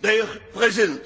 deugd present.